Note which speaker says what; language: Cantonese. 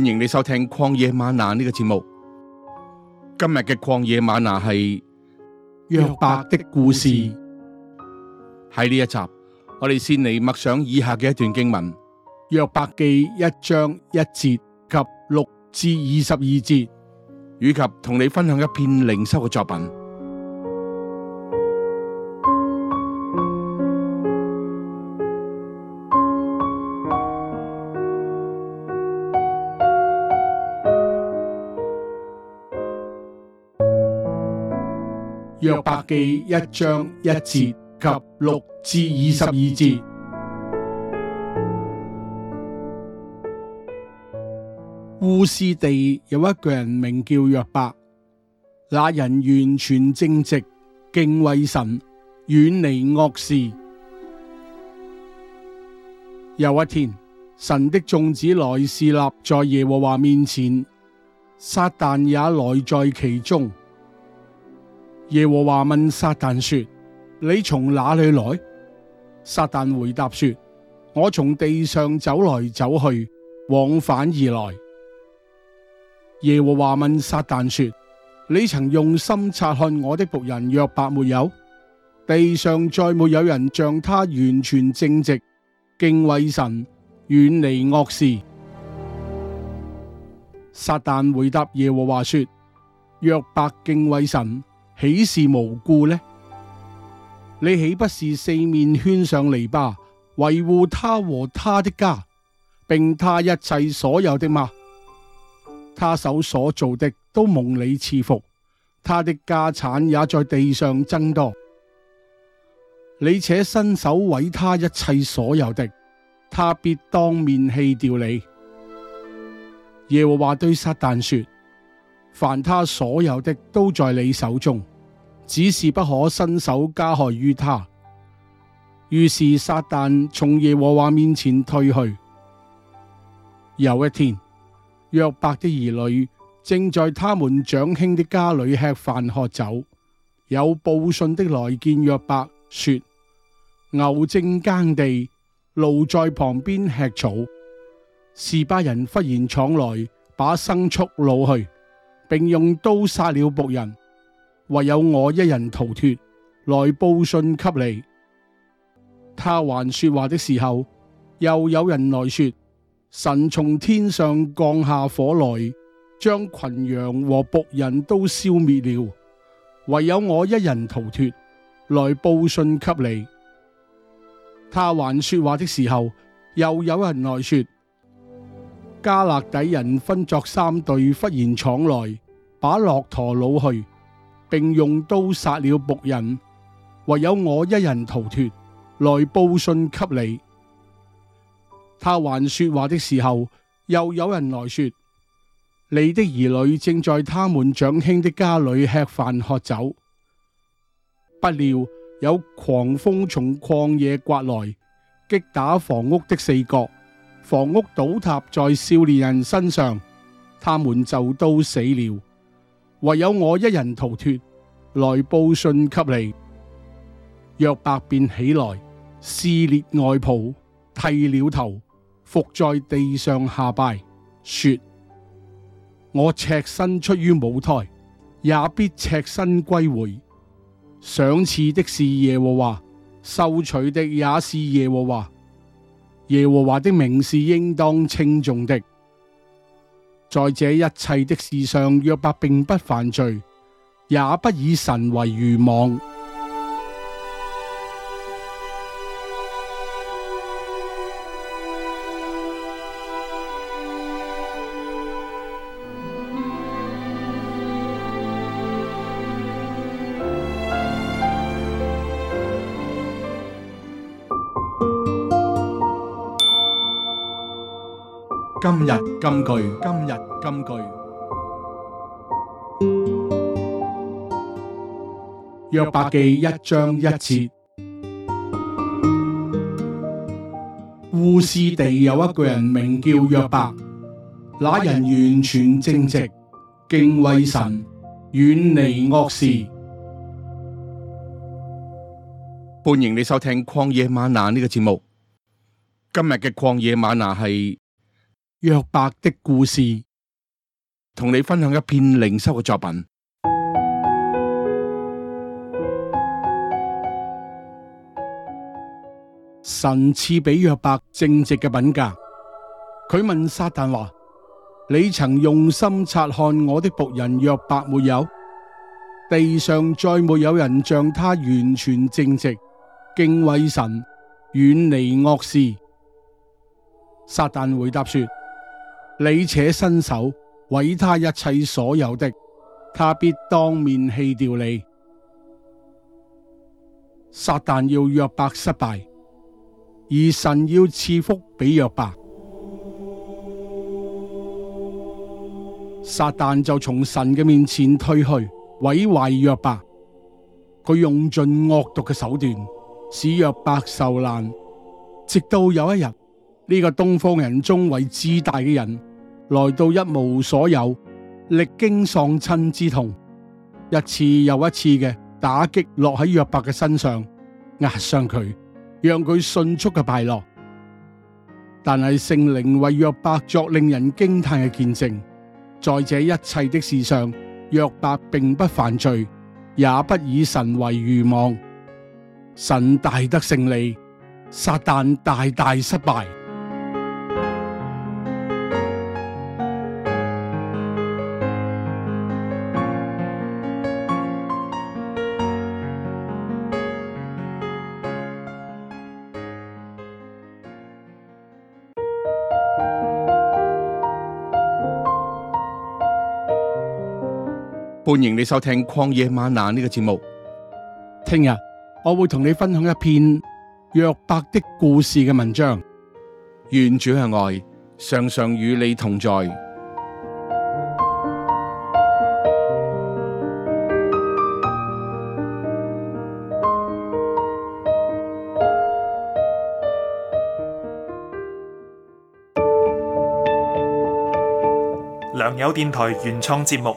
Speaker 1: 歡迎你收聽曠野嗎哪呢個節目。今日嘅曠野嗎哪係約伯的故事，喺呢一集，我哋先嚟默想以下嘅一段經文：約伯記一章一節及六至二十二節，以及同你分享一篇靈修嘅作品。約伯記一章一節及六至二十二節。烏斯地有一個人名叫約伯，那人完全正直，敬畏神，遠離惡事。有一天，神的眾子來侍立在耶和華面前，撒旦也來在其中。耶和華問撒但說：你從哪裏來？撒但回答說：我從地上走來走去，往返而來。耶和華問撒但說：你曾用心察看我的僕人約伯沒有？地上再沒有有人像他完全正直，敬畏神，遠離惡事。撒但回答耶和華說：約伯敬畏神。豈是無故呢？你豈不是四面圈上籬笆，維護他和他的家，並他一切所有的嗎？他手所做的都蒙你賜福，他的家產也在地上增多。你且伸手毀他一切所有的，他必當面棄掉你。耶和華對撒旦說：凡他所有的都在你手中。只是不可伸手加害於他。於是撒旦從耶和華面前退去。有一天，約伯的兒女正在他們長兄的家裏吃飯喝酒，有報信的來見約伯，說：牛正耕地，驢在旁邊吃草，示巴人忽然闖來，把牲畜擄去，並用刀殺了僕人。唯有我一人逃脫來報信給你。他還說話的時候，又有人來說：神從天上降下火來，將群羊和僕人都消滅了。唯有我一人逃脫來報信給你。他還說話的時候，又有人來說：加勒底人分作三隊，忽然闖來，把駱駝擄去。並用刀殺了僕人，唯有我一人逃脱，來報信給你。他還說話的時候，又有人來說：你的兒女正在他們長兄的家裡吃飯喝酒。不料有狂風從曠野刮來，擊打房屋的四角，房屋倒塌在少年人身上，他們就都死了。唯有我一人逃脫，來報信給你。約伯便起來，撕裂外袍，剃了頭，伏在地上下拜，說：我赤身出於母胎，也必赤身歸回。賞賜的是耶和華，收取的也是耶和華。耶和華的名是應當稱頌的。在這一切的事上，約伯並不犯罪，也不以神為愚妄。今日金句，今日金句。約伯記一章一節，烏斯地有一個人名叫約伯，那人完全正直，敬畏神，遠離惡事。歡迎你收聽曠野嗎哪呢個節目。今日嘅曠野嗎哪係。約伯的故事，同你分享一篇靈修嘅作品。神賜俾約伯正直嘅品格，佢問撒旦話：你曾用心察看我的僕人約伯沒有？地上再沒有人像他完全正直，敬畏神，遠離惡事。撒旦回答說。你且伸手毀他一切所有的，他必當面棄掉你。撒旦要約伯失敗，而神要賜福俾約伯。撒旦就從神嘅面前退去，毀壞約伯。佢用盡惡毒嘅手段，使約伯受難。直到有一日，呢個東方人中為至大嘅人。來到一無所有，歷經喪親之痛，一次又一次嘅打擊落喺約伯嘅身上，壓傷佢，讓佢迅速嘅敗落。但係聖靈為約伯作令人驚嘆嘅見證，在這一切的事上，約伯並不犯罪，也不以神為愚妄。神大得勝利，撒旦大大失敗。歡迎你收聽曠野嗎哪呢個節目。聽日我會同你分享一篇約伯的故事嘅文章。願主嘅愛常常與你同在。良友電台原創節目。